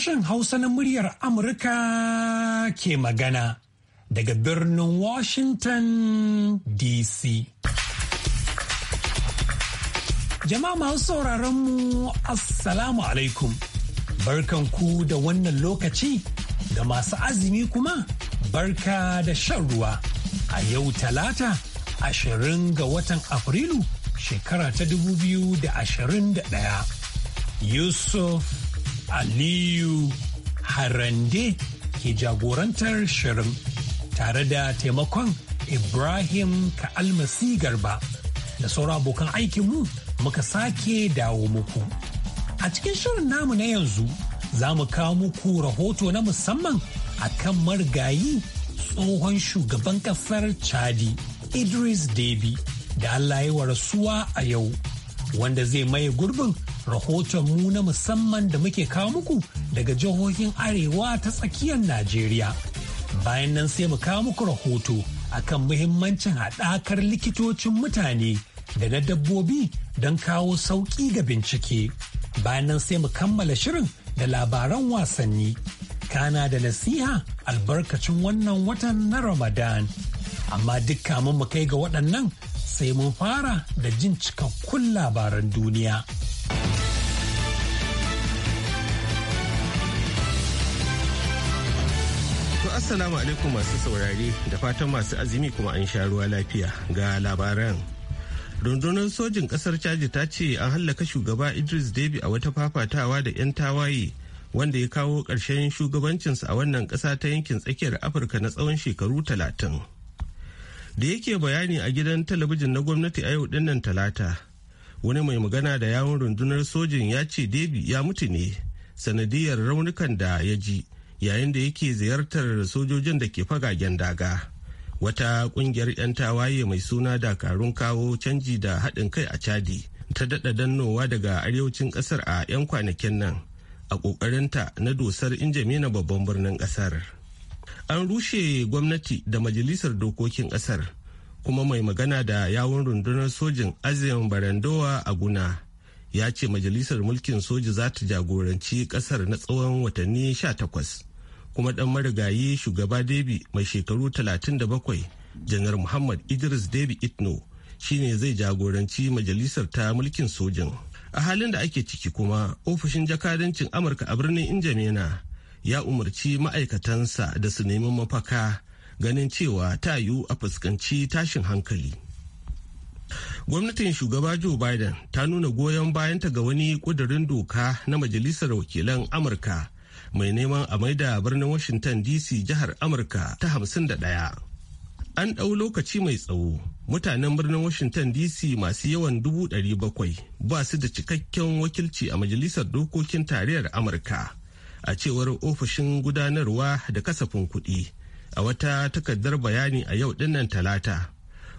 sashen Hausa na muryar Amurka ke magana daga birnin Washington DC. Jama'a masu sauraron mu Assalamu alaikum. Barkan ku da wannan lokaci ga masu azumi kuma barka da shan ruwa a yau talata ashirin ga watan Afrilu shekara ta dubu biyu da da ɗaya. Yusuf Aliyu Harande ke jagorantar shirin tare da taimakon Ibrahim Ka'almasi Garba da sauran abokan aikinmu muka sake dawo muku. A cikin shirin namu na yanzu za mu kawo muku rahoto na musamman a kan margayi tsohon shugaban kasar Chadi Idris Deby da Allah ya wa rasuwa a yau wanda zai maye gurbin rahotonmu na musamman da muke kawo muku daga jihohin arewa ta tsakiyar Najeriya. Bayan nan sai mu kawo muku rahoto akan muhimmancin haɗakar likitocin mutane da na dabbobi don kawo sauƙi ga bincike. Bayan nan sai mu kammala shirin da labaran wasanni. Kana da nasiha albarkacin wannan watan na Ramadan. Amma duk mu kai ga waɗannan sai mun fara da jin cikakkun labaran duniya. Assalamu alaikum masu saurare da fatan masu azumi kuma an sha ruwa lafiya ga labaran. Rundunar sojin kasar caji ta ce an hallaka shugaba Idris Deby a wata fafatawa da 'yan tawaye wanda ya kawo ƙarshen shugabancinsa a wannan ƙasa ta yankin tsakiyar Afirka na tsawon shekaru talatin. Da yake bayani a gidan talabijin na gwamnati a yau dinnan talata, wani mai magana da yawon rundunar sojin ya ce debi ya mutu ne sanadiyar raunukan da ya ji yayin da yake ziyartar sojojin da ke fagagen daga wata kungiyar 'yan tawaye mai suna dakarun kawo canji da haɗin kai a chadi ta daɗa dannowa daga arewacin ƙasar a 'yan kwanakin nan a ƙoƙarinta na dosar injamina babban birnin ƙasar an rushe gwamnati da majalisar dokokin ƙasar kuma mai magana da yawun rundunar sojin azimin barandowa a guna ya ce majalisar mulkin soji za ta jagoranci kasar na tsawon watanni 18 kuma dan marigayi shugaba debi mai shekaru 37 janar muhammad idris debi itno shine zai jagoranci majalisar ta mulkin sojin a halin da ake ciki kuma ofishin jakadancin amurka a birnin injamena ya umarci ma'aikatansa da su nemi mafaka ganin cewa ta yiwu a fuskanci tashin hankali. Gwamnatin shugaba Joe Biden ta nuna goyon bayanta ga wani kudurin doka na Majalisar Wakilan Amurka mai neman a maida birnin Washington DC jihar Amurka ta hamsin da 51. An ɗau lokaci mai tsawo, mutanen birnin Washington DC masu yawan dubu ɗari bakwai ba su da cikakken wakilci a Majalisar Dokokin Tarayyar Amurka, a cewar ofishin gudanarwa da kasafin kuɗi. a wata takardar bayani a yau dinnan talata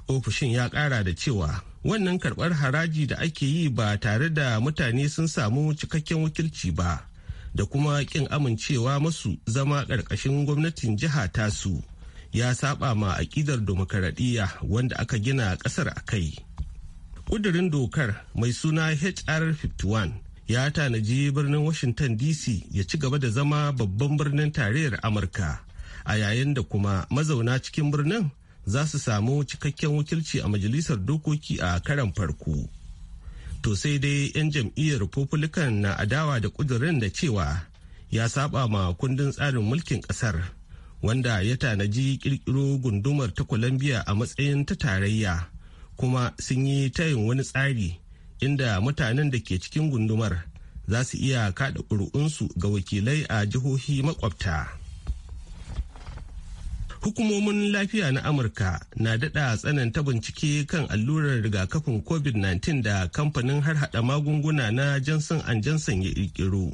ofishin ya kara da cewa wannan karbar haraji da ake yi ba tare da mutane sun samu cikakken wakilci ba da kuma kin amincewa masu zama ƙarƙashin gwamnatin jiha tasu ya saba ma aƙidar demokaradiyya wanda aka gina ƙasar a kai ƙudurin dokar mai suna hr 51 ya tanaji birnin washington dc ya ci gaba da zama babban birnin tarayyar amurka a yayin da kuma mazauna cikin birnin za su samu cikakken wakilci a majalisar dokoki a karan farko to sai dai 'yan jam'iyyar republican na adawa da kudurin da cewa ya saba ma kundin tsarin mulkin kasar wanda ya tanaji kirkiro gundumar ta colombia a matsayin ta tarayya kuma sun yi tayin wani tsari inda mutanen da ke cikin gundumar za su iya kada ƙuri'unsu ga wakilai a jihohi makwabta. hukumomin lafiya na amurka na daɗa tsananta bincike kan allurar rigakafin covid-19 da kamfanin har harhaɗa magunguna na johnson johnson ya ƙirƙiro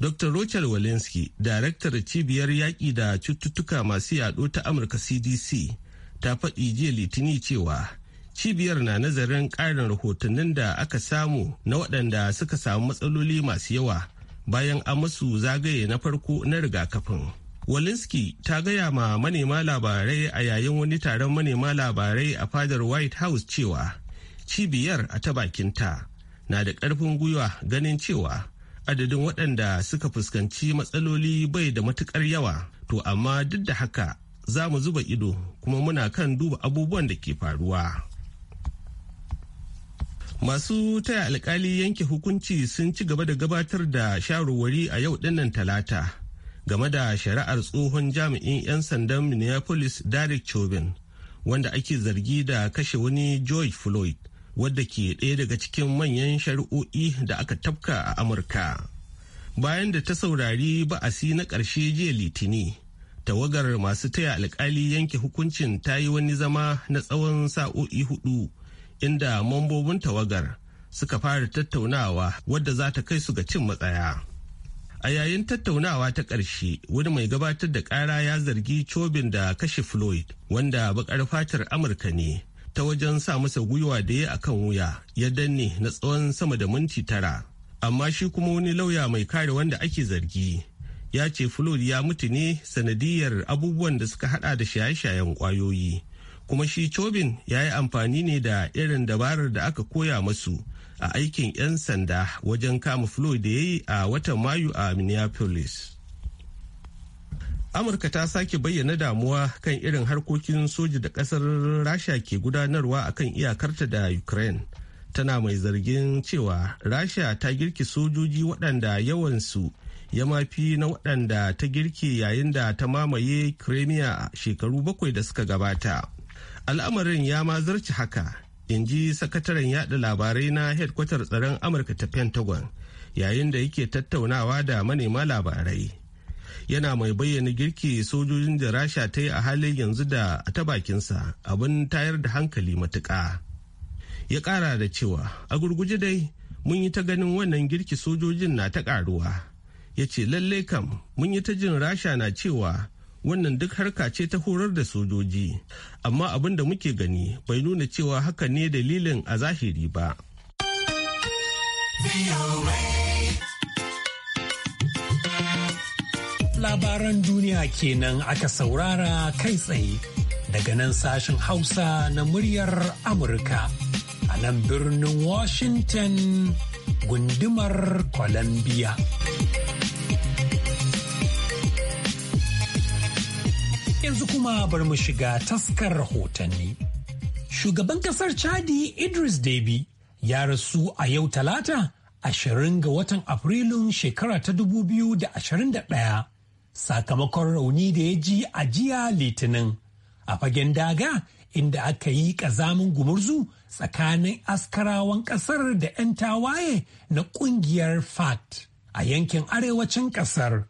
dr rochel walensky daraktar cibiyar yaƙi da cututtuka masu yaɗo ta amurka cdc ta faɗi jiya litini cewa cibiyar na nazarin ƙarin rahotannin da aka samu na waɗanda suka samu matsaloli masu yawa bayan a masu zagaye na farko na rigakafin. Walensky ta gaya ma manema labarai a yayin wani taron manema labarai a fadar White House cewa cibiyar a ta bakinta na da ƙarfin gwiwa ganin cewa adadin waɗanda suka fuskanci matsaloli bai da matuƙar yawa to amma duk da haka za mu zuba ido kuma muna kan duba abubuwan da ke faruwa. masu taya alkali yanke hukunci sun ci gaba da gabatar da shawarwari a yau dinnan talata game da shari'ar tsohon jami'in 'yan sandan minneapolis derek chauvin wanda ake zargi da kashe wani george floyd wadda ke ɗaya daga cikin manyan shari'o'i da aka tafka a amurka bayan da ta saurari ba'asi na ƙarshe jiya litini tawagar masu taya alkali yanke hukuncin ta yi wani zama na tsawon sa'o'i hudu inda mambobin tawagar suka fara tattaunawa wadda za ta kai su ga cin matsaya. a yayin tattaunawa ta ƙarshe wani mai gabatar da ƙara ya zargi cobin da kashe floyd wanda bakar fatar amurka ne ta wajen sa masa gwiwa da ya akan wuya ya danne na tsawon sama da minti tara amma shi kuma wani lauya mai kare wanda ake zargi ya ce floyd ya mutu ne sanadiyar abubuwan da suka hada da shaye-shayen kwayoyi kuma shi cobin ya yi amfani ne da irin dabarar da aka koya masu a aikin 'yan sanda wajen kama floyd da ya yi a watan mayu a minneapolis amurka ta sake bayyana damuwa kan irin harkokin soji da kasar rasha ke gudanarwa a kan iyakarta da ukraine tana mai zargin cewa rasha ta girki sojoji waɗanda yawansu ya mafi na waɗanda ta girki yayin da ta mamaye kremia shekaru bakwai da suka gabata al'amarin ya ma zarci haka in ji sakataren yada labarai na hedkwatar tsaron amurka ta pentagon yayin da yake tattaunawa da manema labarai yana mai bayyana girki sojojin da rasha ta yi a halin yanzu da ta bakinsa abin tayar da hankali matuka. ya ƙara da cewa a gurguje dai mun yi ta ganin wannan girki sojojin na ta ƙaruwa ya ce lallai kam mun yi ta jin rasha na cewa wannan duk harka ce ta horar da sojoji amma abin da muke gani bai nuna cewa haka ne dalilin a zahiri ba labaran duniya kenan aka saurara kai tsaye daga nan sashen hausa na muryar amurka a nan birnin washington gundumar columbia Yanzu kuma bar mu shiga taskar rahotanni. Shugaban kasar Chadi Idris Deby ya rasu a yau talata ashirin ga watan Afrilun shekara ta dubu biyu da ashirin da ɗaya, sakamakon rauni da ya ji a jiya litinin a fagen daga inda aka yi kazamin gumurzu tsakanin askarawan kasar da 'yan tawaye na kungiyar FAT a yankin arewacin kasar.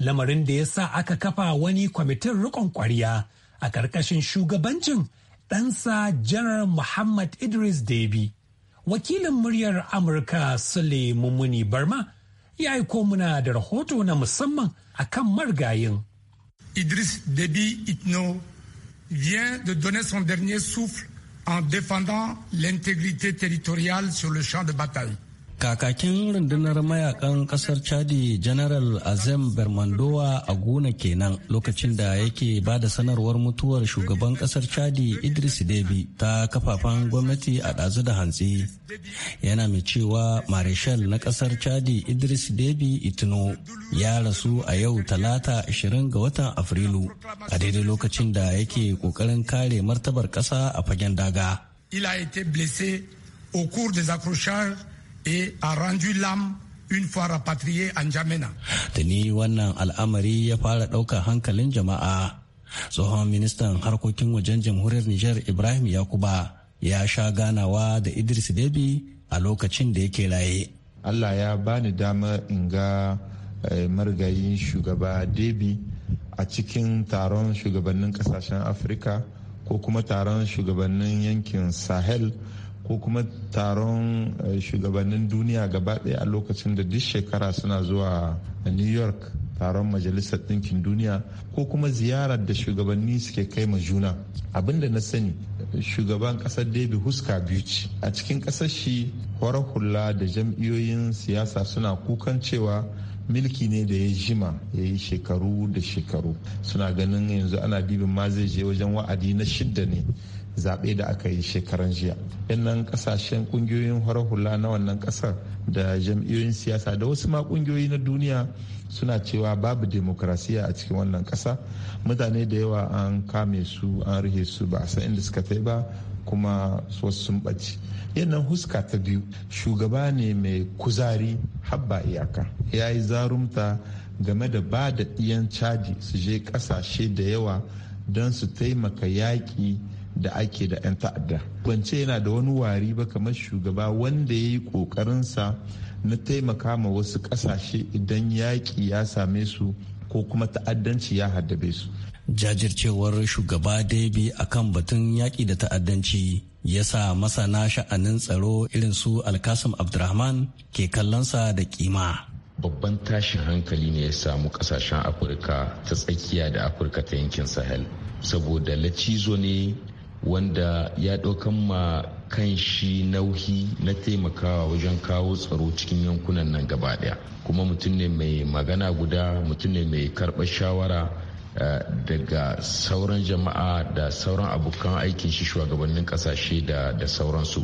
lamarin da ya sa aka kafa wani kwamitin rikon kwarya a ƙarƙashin shugabancin ɗansa janar Muhammad Idris Debi. Wakilin muryar Amurka Sule Mummuni Barma ya aiko muna da rahoto na musamman akan margayin. Idris Debi Itno vient de donner son dernier souffle en défendant l'intégrité territoriale sur le champ de bataille. Kakakin rundunar mayakan kasar Chadi General Azem Bermandowa a gona kenan lokacin da yake ba da sanarwar mutuwar shugaban kasar Chadi Idris Debi ta kafafen gwamnati a ɗazu da hantsi. Yana mai cewa Marishal na kasar Chadi Idris Debi Itino ya rasu a yau talata 20 ga watan Afrilu a daidai lokacin da yake ƙoƙarin kare martabar ƙasa a fagen daga. Il a été blessé au cours des et a rendu l'âme une fois rapatriée en Jamena. Tuni wannan al'amari ya fara ɗaukar hankalin jama'a. Tsohon ministan harkokin wajen jamhuriyar Nijar Ibrahim Yakuba ya sha ganawa da Idris Debi a lokacin da yake laye. Allah ya bani dama in ga eh, margayin shugaba Debi a cikin taron shugabannin kasashen Afirka ko kuma taron shugabannin yankin Sahel. ko kuma taron eh, shugabannin duniya gaba ɗaya a lokacin da duk shekara suna zuwa new york taron majalisar ɗinkin duniya ko kuma ziyarar da shugabanni suke kai ma juna abinda na sani shugaban ƙasar david huska biyu a cikin ƙasar shi hula da jam'iyoyin siyasa suna kukan cewa milki ne da ya jima ya yi shekaru da shekaru suna ganin yanzu ana bibin ma zai je wajen wa'adi na shidda ne zaɓe da aka yi shekaran jiya yannan kasashen kungiyoyin horar hula na wannan kasar da jam'iyyoyin siyasa da wasu ma ƙungiyoyi na duniya suna cewa babu demokrasiya a cikin wannan ƙasa. mutane da yawa an kame su an rihe su ba a san inda suka kai ba kuma wasu sun ɓaci yannan huska ta biyu shugaba ne mai kuzari habba iyaka ya yi zarumta game da ba da ɗiyan caji su je ƙasashe da yawa don su taimaka yaƙi da ake da 'yan ta'adda bance yana da wani wari ba kamar shugaba wanda ya yi ƙoƙarinsa na taimaka ma wasu ƙasashe idan yaƙi ya same su ko kuma ta'addanci ya haddabe su jajircewar shugaba a kan batun yaƙi da ta'addanci ya sa masana sha'anin tsaro irin su alkasim abdurrahman ke kallonsa da kima babban tashin hankali ne ya samu kasashen afirka ta tsakiya da afirka ta yankin sahel saboda lacizo ne wanda ya ɗaukan ma kan shi nauhi na taimakawa wajen kawo tsaro cikin yankunan nan gaba daya kuma mutum ne mai magana guda mutum ne mai karɓar shawara eh, daga sauran jama'a da sauran abokan aikin shi shugabannin ƙasashe da sauransu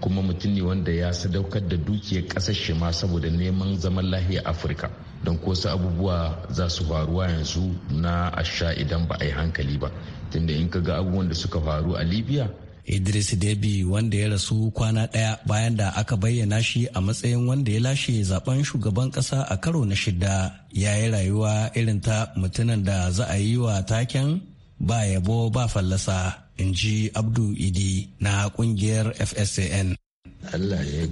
kuma mutum ne wanda ya sadaukar da dukiyar ƙasashe ma saboda neman zaman lahiyar afirka don ko abubuwa za su faruwa yanzu na asha idan ba a yi hankali ba tunda in ka ga abubuwan da suka faru a libya idris debi wanda ya rasu kwana daya bayan da aka bayyana shi a matsayin wanda ya lashe zaben shugaban kasa a karo na shida ya yi rayuwa irin ta mutunan da za a yi wa taken ba yabo ba fallasa in ji abdu idi na kungiyar fsan allah ya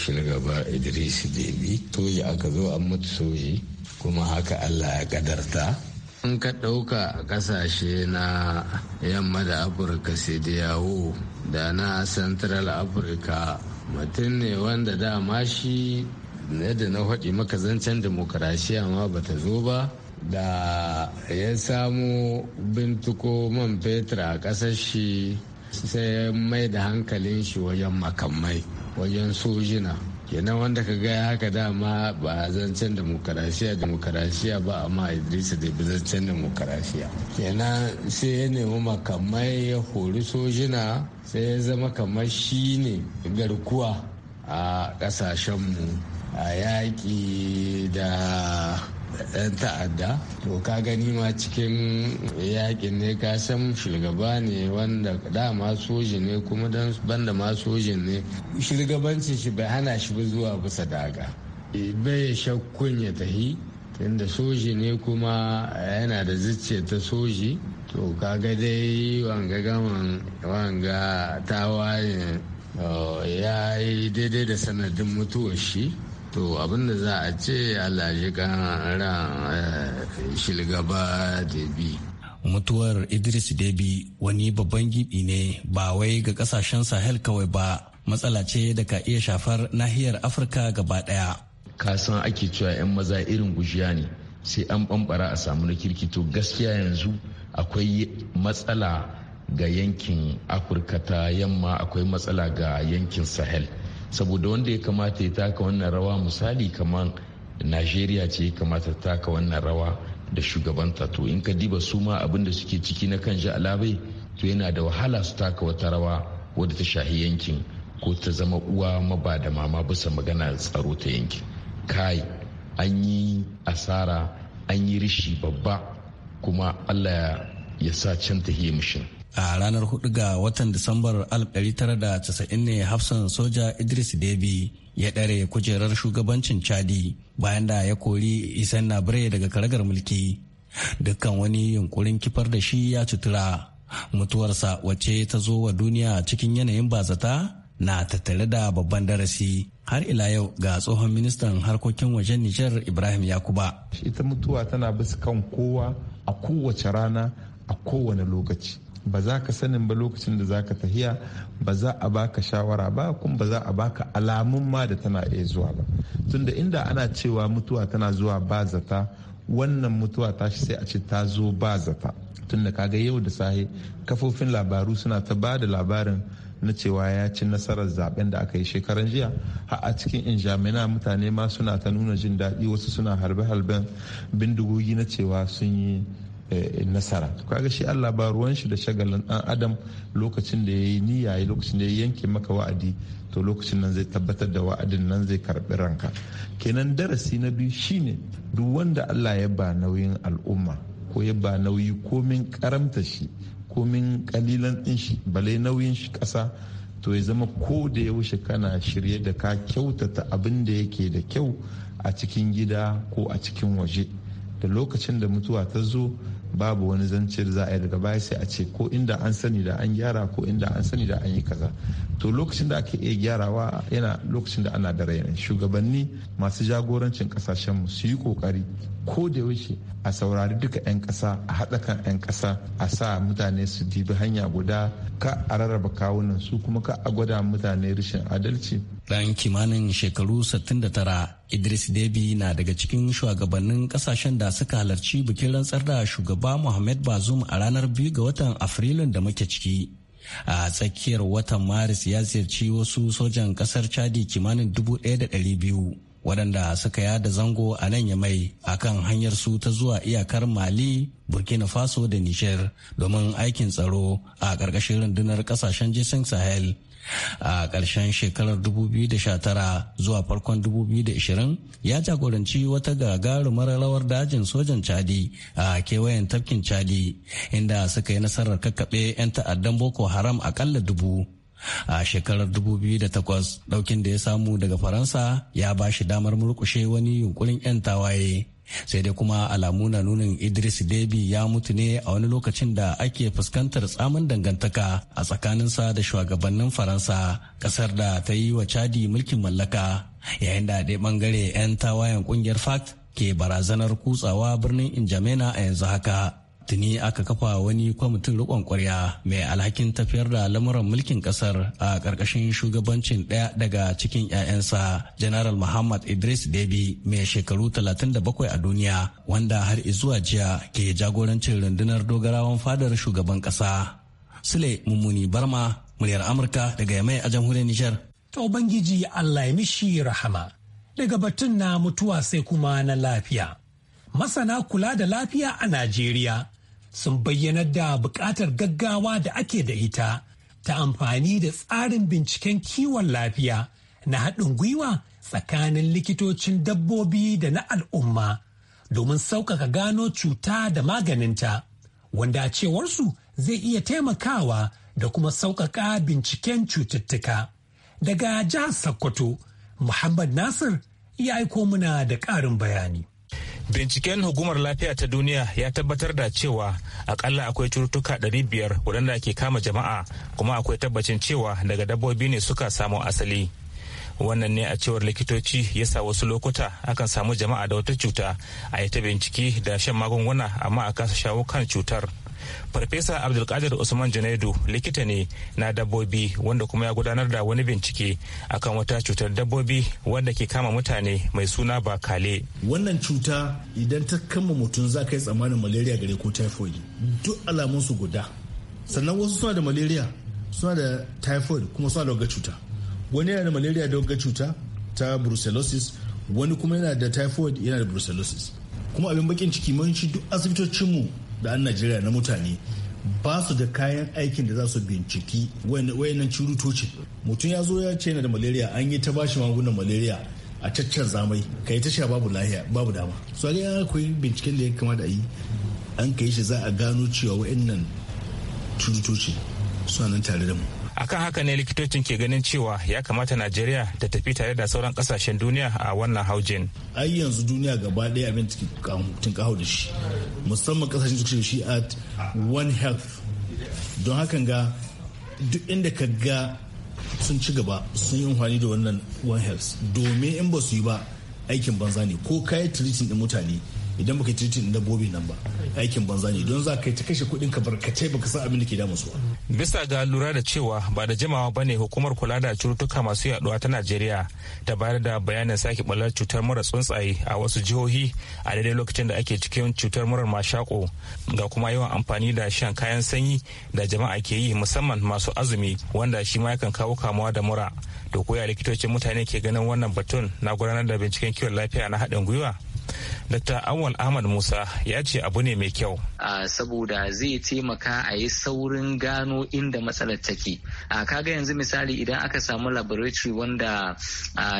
shirgaba idris debi soji aka zo an mutu soji kuma haka allah ya kadarta in ka ɗauka a ƙasashe na yamma da afirka sai da yawo da na central afirka mutum ne wanda dama shi yadda na haɗi maka zancen demokarasiya ma bata zo ba da ya samu bintuko man fetur a ƙasar shi sai mai da hankalin shi wajen makamai wajen sojina kenan wanda ka gaya haka dama ba zancen demokarasiya demokarasiya ba amma idrisa da bi zancen demokarasiya kenan sai ya nemi makamai ya hori sojina sai ya zama kamar shi ne garkuwa a kasashenmu a yaƙi da ɗan ta'adda to ka gani ma cikin yakin ne ka san shugaba ne wanda dama soji ne kuma dan banda ma sojin ne shugabancin shi bai hana shi ba zuwa bisa daga bai shakkun ya tahi tunda soji ne kuma yana da zuciya ta soji to kaga dai wanga gaman wanga tawayen oh, ya yi daidai da sanadin mutuwar shi to abinda za a ce allah shi ran eh, shilgaba da bi mutuwar idris debi wani babban gibi ne ba wai ga kasashen sahel kawai ba matsala ce da ka iya shafar nahiyar afirka gaba daya kasan ake cewa 'yan maza irin gujiya ne sai an bambara a samu na kirkito gaskiya yanzu akwai matsala ga yankin afirka ta yamma akwai matsala ga yankin sahel saboda wanda ya kamata ya taka wannan rawa misali kamar najeriya ce ya kamata taka wannan rawa da shugabanta to in ka diba su ma abin da suke ciki na kan alabe to yana da wahala su taka wata rawa wadda ta shahi yankin ko ta zama uwa maba da mama bisa magana tsaro ta yankin kai an yi asara an yi rishi babba kuma allah ya sa can ta mushin. a ranar 4 ga watan disambar 1990 ne hafsan soja idris debi ya dare kujerar shugabancin chadi bayan da ya kori isan nabre daga karagar mulki dukkan wani yunkurin kifar da shi ya cutura mutuwarsa wace ta zo wa duniya cikin yanayin bazata na tattare da babban darasi har ila yau ga tsohon ministan harkokin wajen nijar ibrahim yakuba ita mutuwa tana bisa kan kowa a kowace rana a kowane lokaci ba za ka sanin ba lokacin da za ka tahiya ba za a baka shawara ba kuma ba za a baka alamun ma da tana iya zuwa ba tunda inda ana cewa mutuwa tana zuwa ba zata wannan mutuwa ta shi sai a ce ta zo ba zata tunda kaga yau da sahi kafofin labaru suna ta ba da labarin na cewa ya ci nasarar zaben da aka yi shekaran jiya har a cikin injamina mutane ma suna ta nuna jin daɗi wasu suna harbe-harben bindigogi na cewa sun yi Eh, nasara kaga shi Allah ba ruwan shi da shagalin dan adam lokacin da yayi niyya yayi lokacin da ya yanke maka wa'adi to lokacin nan zai tabbatar da wa'adin nan zai karbi ranka kenan darasi na biyu shine duk wanda Allah ya ba nauyin al'umma ko ya ba nauyi komin karamta shi komin kalilan din shi balai nauyin shi kasa to ya zama ko da yaushe kana shirye da ka kyautata abin da yake da kyau a cikin gida ko a cikin waje da lokacin da mutuwa ta zo babu wani zance da za a yi daga baya sai a ce ko inda an sani da an gyara ko inda an sani da an yi kaza to lokacin da ake iya gyarawa yana lokacin da ana da raina shugabanni masu jagorancin kasashenmu su yi kokari ko da yaushe a saurari duka 'yan kasa a haɗa kan 'yan kasa a sa mutane su dibi hanya guda ka a rarraba kawunan su kuma ka a gwada mutane rashin adalci. Ɗan kimanin shekaru 69 Idris Deby na daga cikin shugabannin kasashen da suka halarci bikin rantsar da shugaba Mohamed Bazoum a ranar 2 ga watan Afrilun da muke ciki. A tsakiyar watan Maris ya ziyarci wasu sojan kasar Chadi kimanin dubu biyu waɗanda suka yada zango a nan yamai a kan hanyar su ta zuwa iyakar Mali, Burkina Faso da Nijar domin aikin tsaro a ƙarƙashin rundunar ƙasashen jisun Sahel. a ƙarshen shekarar 2019 zuwa farkon 2020 ya jagoranci wata gagarumar rawar dajin sojan chadi a kewayen tafkin chadi inda suka yi nasarar kakkaɓe 'yan ta'addan boko haram aƙalla dubu a shekarar 2008 daukin da ya samu daga faransa ya ba shi damar murkushe wani yunkurin 'yan tawaye sai dai kuma alamu na nunin idris debi ya mutu ne a wani lokacin da ake fuskantar tsamin dangantaka a tsakaninsa da shugabannin faransa kasar da ta yi wa chadi mulkin mallaka yayin da ɗaya bangare 'yan tawayen kungiyar FAT ke barazanar kutsawa birnin injamena a yanzu haka tuni aka kafa wani kwamitin rikon kwarya mai alhakin tafiyar da lamuran mulkin kasar a ƙarƙashin shugabancin ɗaya daga cikin 'ya'yansa general muhammad idris debi mai shekaru 37 a duniya wanda har izuwa jiya ke jagorancin rundunar dogarawan fadar shugaban ƙasa sule mummuni barma muryar amurka daga yamai a jamhuriyar nijar ta ubangiji allah ya mishi rahama daga batun na mutuwa sai kuma na lafiya masana kula da lafiya a Najeriya sun bayyanar da buƙatar gaggawa da ake da ita ta amfani da tsarin binciken kiwon lafiya na haɗin gwiwa tsakanin likitocin dabbobi da na al'umma domin sauƙaƙa gano cuta da maganinta wanda a cewarsu zai iya taimakawa da kuma sauƙaƙa binciken cututtuka. Daga jihar Sokoto, Muhammad Nasir ya aiko muna da ƙarin bayani. Binciken hukumar lafiya ta duniya ya tabbatar da cewa akalla akwai cututtuka biyar waɗanda ke kama jama'a kuma akwai tabbacin cewa daga dabbobi ne suka samu asali. Wannan ne a cewar likitoci ya sa wasu lokuta akan samu jama'a da wata cuta a yi ta bincike da shan magunguna amma a kasa shawo kan cutar. farfesa abdulkadir usman janaidu likita ne na dabbobi wanda kuma ya gudanar da wani bincike akan wata cutar dabbobi wanda ke kama mutane mai suna bakale wannan cuta idan ta kama mutum za ka yi tsammanin malaria gare ko typhoid duk alamun su guda sannan wasu suna da malaria suna da typhoid kuma suna da cuta wani yana da malaria da cuta ta brucellosis wani kuma yana da typhoid yana da brucellosis kuma abin bakin ciki mun shi duk asibitocinmu da an najeriya na mutane ba su da kayan aikin da za su binciki wayannan curutoci mutum ya zo ya ce yana da malaria an yi ta bashi magungunan malaria a caccan zamai ka yi tasha babu lahiya babu dama su ga ya koyi binciken da ya kamata a yi an ka yi shi za a gano cewa wayannan curutoci suna nan tare da mu akan haka ne likitocin ke ganin cewa ya kamata najeriya ta tafi tare da sauran kasashen duniya a wannan haujin ai yanzu duniya gaba ɗaya abin kawo da shi musamman kasashen suke shi at one health don hakan ga duk inda ka ga sun ci gaba sun yi amfani da wannan one health domin in ba su yi ba aikin banza ne ko kayan treating din mutane idan baka titi da dabbobin nan ba aikin banza ne don za ka yi ta kashe kuɗin ka barkatai baka san abin da ke damu su bisa ga lura da cewa ba da jimawa ba ne hukumar kula da cututtuka masu yaduwa ta najeriya ta bayar da bayanin sake ɓallar cutar mura tsuntsaye a wasu jihohi a daidai lokacin da ake cikin cutar murar mashako ga kuma yawan amfani da shan kayan sanyi da jama'a ke yi musamman masu azumi wanda shi ma yakan kawo kamuwa da mura to koya likitocin mutane ke ganin wannan batun na gudanar da binciken kiwon lafiya na haɗin gwiwa Dr. Awal Ahmad Musa ya ce abu ne mai kyau. Saboda zai taimaka a yi saurin gano inda matsalar take. Kaga yanzu misali idan aka samu laboratory wanda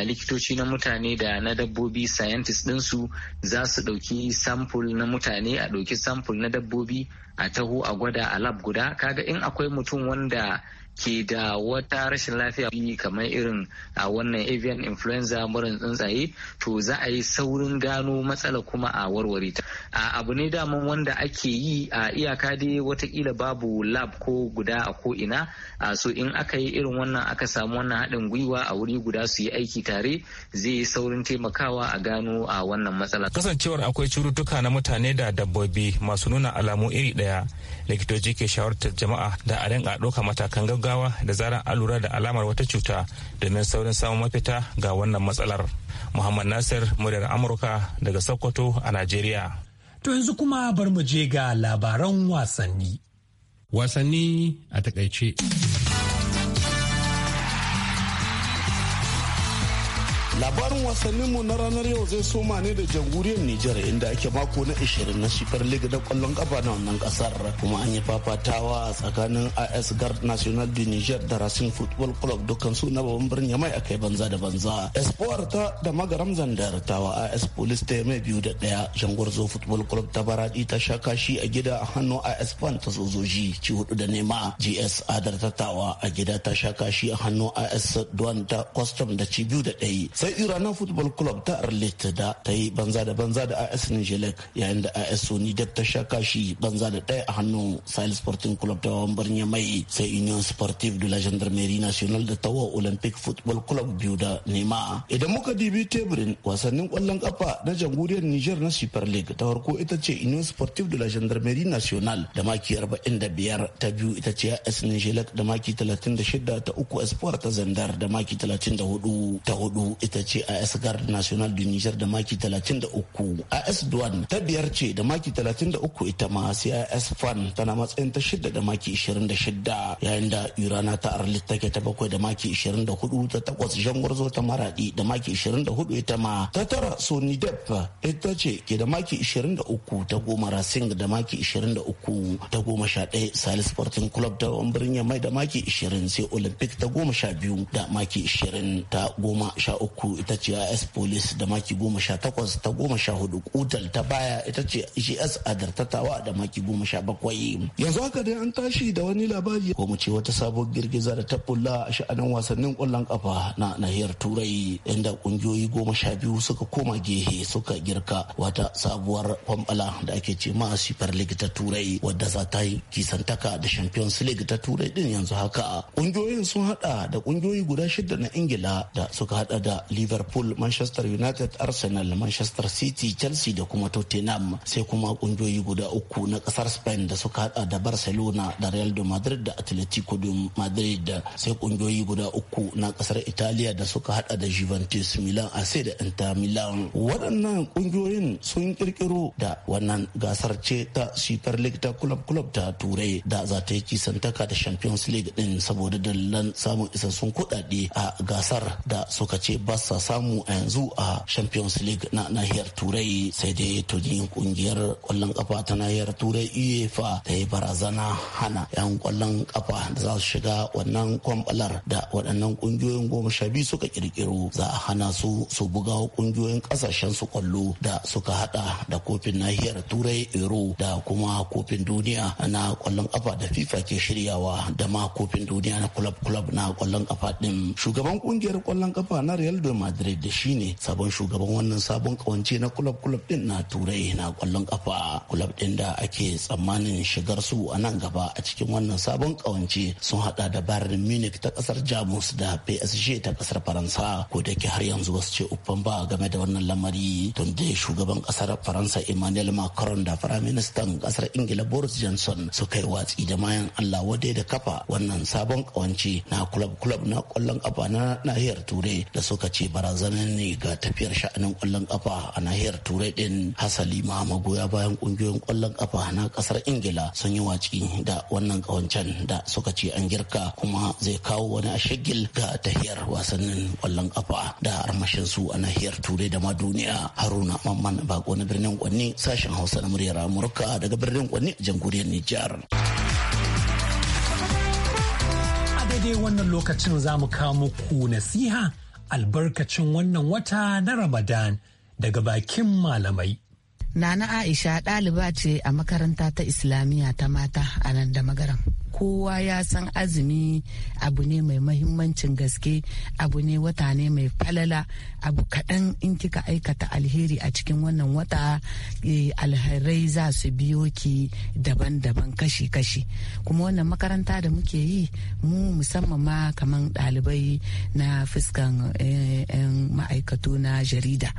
likitoci na mutane da na dabbobi scientist ɗinsu za su ɗauki sample na mutane a ɗauki sample na dabbobi a taho a gwada a lab guda. Kaga in akwai mutum wanda ke da wata rashin lafiya kamar irin a wannan avian influenza murin tsuntsaye to za a yi saurin gano matsala kuma a warware ta a abu ne daman wanda ake yi a iyaka dai watakila babu lab ko guda a ko ina a so in aka yi irin wannan aka samu wannan haɗin gwiwa a wuri guda su yi aiki tare zai yi saurin taimakawa a gano a wannan matsala kasancewar akwai cututtuka na mutane da dabbobi masu nuna alamu iri ɗaya likitoci ke shawartar jama'a da a rinka ɗauka matakan gaggawa gaggawa da zarar an lura da alamar wata cuta domin saurin samun mafita ga wannan matsalar. Muhammad Nasir muryar Amurka daga Sokoto a Najeriya. To yanzu kuma bar mu je ga labaran wasanni. Wasanni a takaice. labarin wasannin mu na ranar yau zai soma ne da jamhuriyar nijar inda ake mako na 20 na shifar liga da kwallon kafa na wannan kasar kuma an yi fafatawa a tsakanin as guard national de niger da racing football club dukkan su na babban birnin Yamai akai banza da banza espoir ta da magaram zandar ta wa as police ta mai biyu da daya jangwarzo football club ta baradi ta sha kashi a gida a hannu as fan ta sojoji ci hudu da nema gs adar tawa a gida ta sha kashi a hannu as Duan ta custom da ci biyu da ɗaya sai football club ta arleta da ta yi banza da banza da as nijelek yayin da as soni dab ta sha kashi banza da ɗaya a hannun sahel sporting club ta wawan birnin mai sai union sportive de la gendarmerie nationale da tawa olympic football club biyu da nema idan muka dibi teburin wasannin kwallon kafa na jamhuriyar niger na super league ta farko ita ce union sportive de la gendarmerie nationale da maki 45 ta biyu ita ce as nijelek da maki 36 ta uku espoir ta zandar da maki 34 ta hudu ita ta ce AS Guard National du Niger da maki 33. AS Duan ta biyar ce da maki 33 ita ma sai AS Fan tana matsayin ta shidda da maki 26 yayin da Urana ta Arlit take ta bakwai da maki 24 ta takwas Jangwarzo ta Maradi da maki 24 ita ma ta tara Sony Dep ita ce ke da maki 23 ta goma Racing da maki 23 ta goma sha ɗaya Salis Sporting Club ta birnin mai da maki 20 sai Olympic ta goma sha biyu da maki 20 ta goma sha uku hudu ita ce s police da maki goma sha takwas ta goma sha hudu kutal ta baya ita ce gs adartatawa da maki goma sha bakwai yanzu haka dai an tashi da wani labari ko mu ce wata sabon girgiza da ta bulla a sha'anin wasannin kwallon kafa na nahiyar turai inda kungiyoyi goma sha biyu suka koma gehe suka girka wata sabuwar kwambala da ake ce ma super league ta turai wadda za ta yi kisantaka da champions league ta turai din yanzu haka kungiyoyin sun hada da kungiyoyi guda shida na ingila da suka hada da liverpool manchester united arsenal manchester city chelsea da kuma tottenham sai kuma kungiyoyi guda uku na kasar spain da suka hada da barcelona da real de madrid da atletico de madrid sai kungiyoyi guda uku na kasar Italia da suka hada da juventus milan ac da inter milan waɗannan kungiyoyin sun kirkiro da wannan gasar ce ta super league ta club club ta turai da za ta yi kisantaka da champions league din saboda dalilan samun isassun kuɗaɗe a gasar da suka ce bas sa samu a yanzu a champions league na nahiyar turai sai dai tuni kungiyar kwallon kafa ta nahiyar turai uefa ta yi barazana hana yan kwallon kafa da za su shiga wannan kwambalar da waɗannan kungiyoyin goma sha biyu suka kirkiro za a hana su su buga kungiyoyin kasashen su kwallo da suka hada da kofin nahiyar turai euro da kuma kofin duniya na kwallon kafa da fifa ke shiryawa da ma kofin duniya na club club na kwallon kafa din shugaban kungiyar kwallon kafa na real real madrid da ne sabon shugaban wannan sabon kawance na kulab kulab din na turai na kwallon kafa kulab din da ake tsammanin shigar su a nan gaba a cikin wannan sabon kawance sun hada da bayern munich ta kasar jamus da psg ta kasar faransa ko da ke har yanzu wasu ce uffan ba game da wannan lamari tun da shugaban kasar faransa emmanuel macron da firaministan kasar ingila boris johnson suka yi watsi da mayan allah wadai da kafa wannan sabon kawance na kulab kulab na kwallon kafa na nahiyar turai da suka ci ce barazanar ne ga tafiyar sha'anin kwallon kafa a nahiyar turai din hasali ma magoya bayan kungiyoyin kwallon kafa na kasar ingila sun yi watsi da wannan kawancen da suka ce an girka kuma zai kawo wani ashigil ga tahiyar wasannin kwallon kafa da armashin su a nahiyar turai da ma duniya haruna mamman bako na birnin kwanni sashen hausa na muryar amurka daga birnin kwanni jamhuriyar nijar. daidai wannan lokacin za mu kawo muku nasiha albarkacin wannan wata na Ramadan daga bakin malamai. Nana Aisha ɗaliba ce a makaranta ta Islamiyya ta mata a nan da magaran. kowa ya san azumi abu ne mai mahimmancin gaske abu ne wata ne mai falala abu kaɗan in kika aikata alheri a cikin wannan wata e, alharai za su biyo ki daban-daban kashi-kashi kuma wannan makaranta da muke yi mu musamman ma kamar ɗalibai na fuskan yan e, ma'aikato na jarida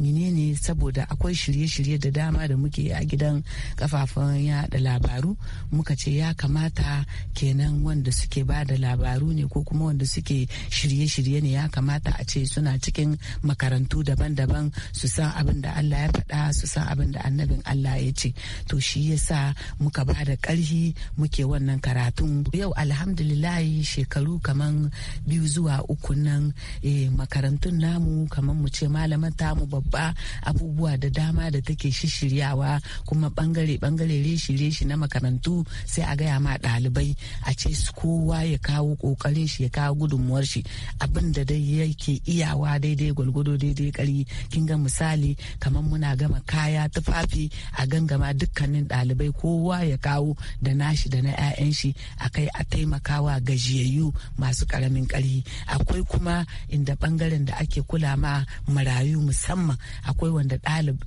menene saboda akwai shirye-shirye da dama da muke a gidan kafafen yada labaru muka ce ya kamata kenan wanda suke ba da labaru ne ko kuma wanda suke shirye-shirye ne ya kamata a ce suna cikin makarantu daban-daban su san abin da Allah ya faɗa su san abin da annabin Allah ya ce to shi yasa muka ba da ƙarfi muke wannan karatun yau alhamdulillahi shekaru kaman biyu zuwa uku nan eh, makarantun namu kaman mu ce malaman tamu babba abubuwa da dama da take shishiryawa kuma bangare-bangare shirye na makarantu sai a gaya ma ɗali dalibai a ce su kowa ya kawo kokarin shi ya kawo gudunmuwar shi abin da dai yake iyawa daidai gwalgwado daidai kari kin ga misali kamar muna gama kaya tufafi a gangama dukkanin dalibai kowa ya kawo da nashi da na 'ya'yan shi a kai a taimakawa gajiyayyu masu karamin kari akwai kuma inda bangaren da ake kula ma marayu musamman akwai wanda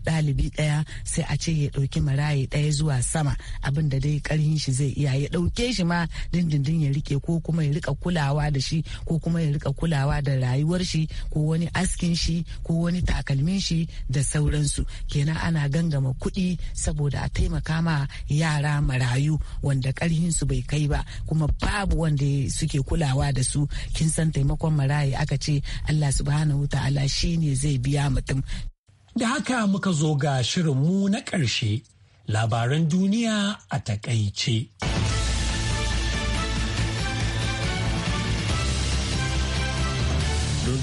dalibi ɗaya sai a ce ya ɗauki maraye ɗaya zuwa sama abin da dai karhin shi zai iya ya ɗauke shi ma dindindin ya rike ko kuma ya rika kulawa da shi ko kuma ya rika kulawa da rayuwar shi ko wani askin shi ko wani takalmin shi da sauransu kenan ana gangama kuɗi saboda a taimaka ma yara marayu wanda karhin su bai kai ba kuma babu wanda suke kulawa da su kin san taimakon marayi aka ce Allah subhanahu ta'ala shine zai biya mutum da haka muka zo ga shirinmu na ƙarshe labaran duniya a takaice.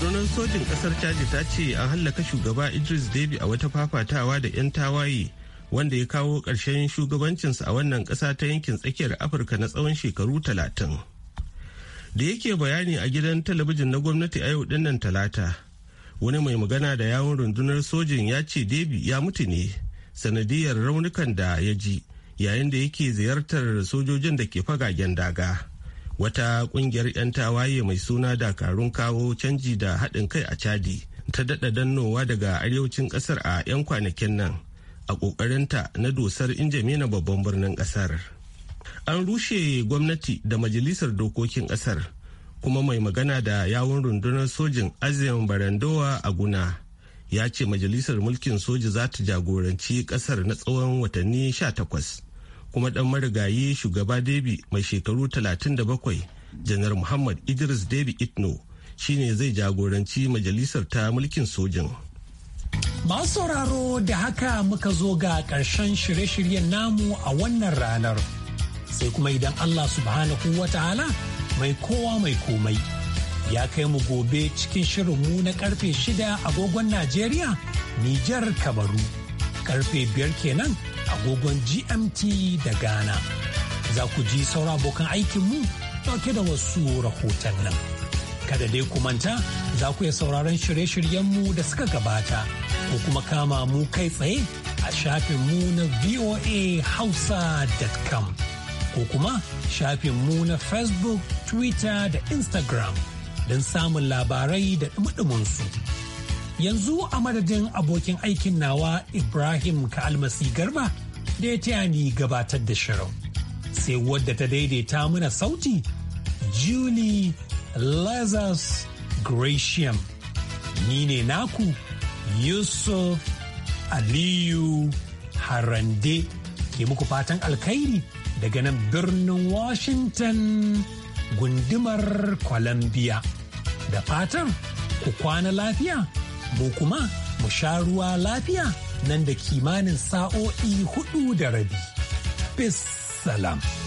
rundunar sojin kasar caji ta ce an hallaka shugaba idris debi a wata fafatawa da 'yan tawaye wanda ya kawo ƙarshen shugabancinsa a wannan ƙasa ta yankin tsakiyar afirka na tsawon shekaru talatin da yake bayani a gidan talabijin na gwamnati a yau dinnan talata wani mai magana da yawon rundunar sojin ya ce debi ya mutu ne sanadiyar raunukan da ya ji yayin da yake ziyartar sojojin da ke fagagen daga. wata kungiyar 'yan tawaye mai suna dakarun kawo canji da haɗin kai a chadi ta daɗa dannowa daga arewacin ƙasar a 'yan kwanakin nan a ƙoƙarinta na dosar injamena babban birnin ƙasar an rushe gwamnati da majalisar dokokin ƙasar kuma mai magana da yawon rundunar sojin azim barandowa a guna ya ce majalisar mulkin soji za ta jagoranci ƙasar na tsawon watanni 18 kuma dan marigayi shugaba debi mai shekaru 37 janar muhammad idris debi itno shine zai jagoranci majalisar ta mulkin sojin masu sauraro da haka muka zo ga ƙarshen shirye-shiryen namu a wannan ranar sai kuma idan allah subhanahu wata'ala mai kowa mai komai ya kai mu gobe cikin shirinmu na karfe shida agogon najeriya nijar Kabaru. karfe biyar kenan agogon GMT da Ghana. Za ku ji saura abokan aikinmu dauke da wasu rahoton nan. Kada dai ku manta za ku iya sauraron shirye-shiryenmu da suka gabata ko kuma kama mu kai tsaye a shafinmu na voahausa.com ko kuma shafinmu na Facebook, Twitter da Instagram don samun labarai da su. yanzu a madadin abokin aikin nawa ibrahim ka almasi garba da ya taya ni gabatar da shirin sai wadda ta daidaita mana sauti julie lazarus gratiam ni ne naku yusuf aliyu harande ke muku fatan alkhairi daga nan birnin washington gundumar columbia da fatan ku kwana lafiya mu kuma mu sha ruwa lafiya nan da kimanin sa'o'i hudu da rabi. Peace salam.